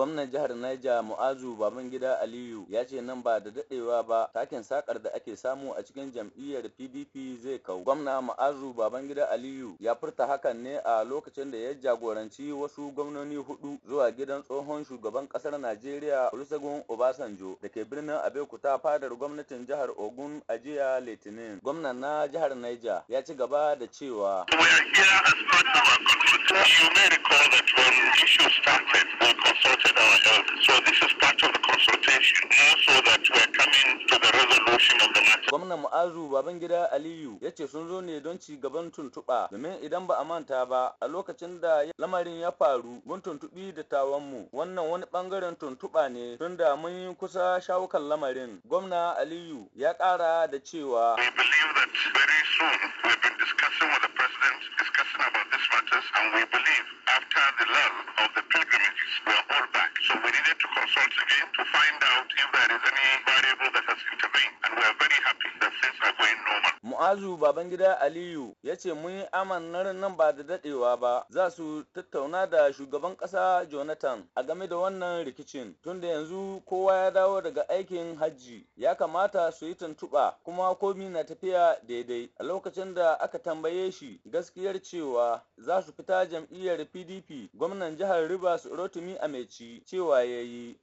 Gwamnan jihar Niger Mu'azu Babangida Aliyu ya ce nan ba da dadewa ba takin sakar da ake samu a cikin jam'iyyar PDP zai kau. Gwamna Mu'azu Babangida Aliyu ya furta hakan ne a lokacin da ya jagoranci wasu gwamnoni hudu zuwa gidan tsohon shugaban kasar Najeriya Olusegun Obasanjo da ke birnin Abeokuta fadar gwamnatin jihar Ogun a jiya Litinin. Gwamnan na jihar Niger ya ci gaba da cewa. We are here as part of our constitution. You may recall that when issues start so that we are coming to the resolution of the matter. Gwamnan Mu'azu Babangida Aliyu ya ce sun zo ne don ci gaban tuntuɓa domin idan ba a manta ba a lokacin da lamarin ya faru mun tuntuɓi da mu, wannan wani ɓangaren tuntuɓa ne tun da mun yi kusa shawukan lamarin. Gwamna Aliyu ya ƙara da cewa. We believe that very soon we've been discussing with the president discussing about these matters and we believe after the lull of the pilgrimages we are all back so we needed to consult again see if there is any Mu'azu gida Aliyu ya ce mun yi amannar nan ba da daɗewa ba za su tattauna da shugaban ƙasa Jonathan a game da wannan rikicin tunda yanzu kowa ya dawo daga aikin hajji ya kamata su yi tuntuɓa kuma komi na tafiya daidai a lokacin da aka tambaye shi gaskiyar cewa za su fita jam'iyyar PDP gwamnan jihar Rivers Rotimi Amechi cewa ya yi.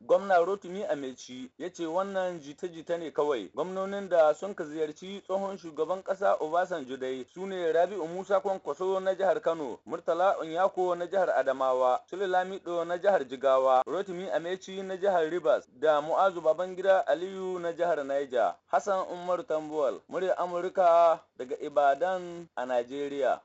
Gwamna Rotimi Amechi ya ce wannan jita-jita ne kawai gwamnonin da sun ka ziyarci tsohon shugaban ƙasa Obasanjo dai sune Rabi'u Musa Kwankwaso na jihar Kano, Murtala unyako na jihar Adamawa, Sule Lamido na jihar Jigawa, Rotimi Amechi na jihar Rivers da Mu'azu Babangida Aliyu na jihar Niger. Hassan Umaru Tambuwal, murya Amurka daga Ibadan a Najeriya.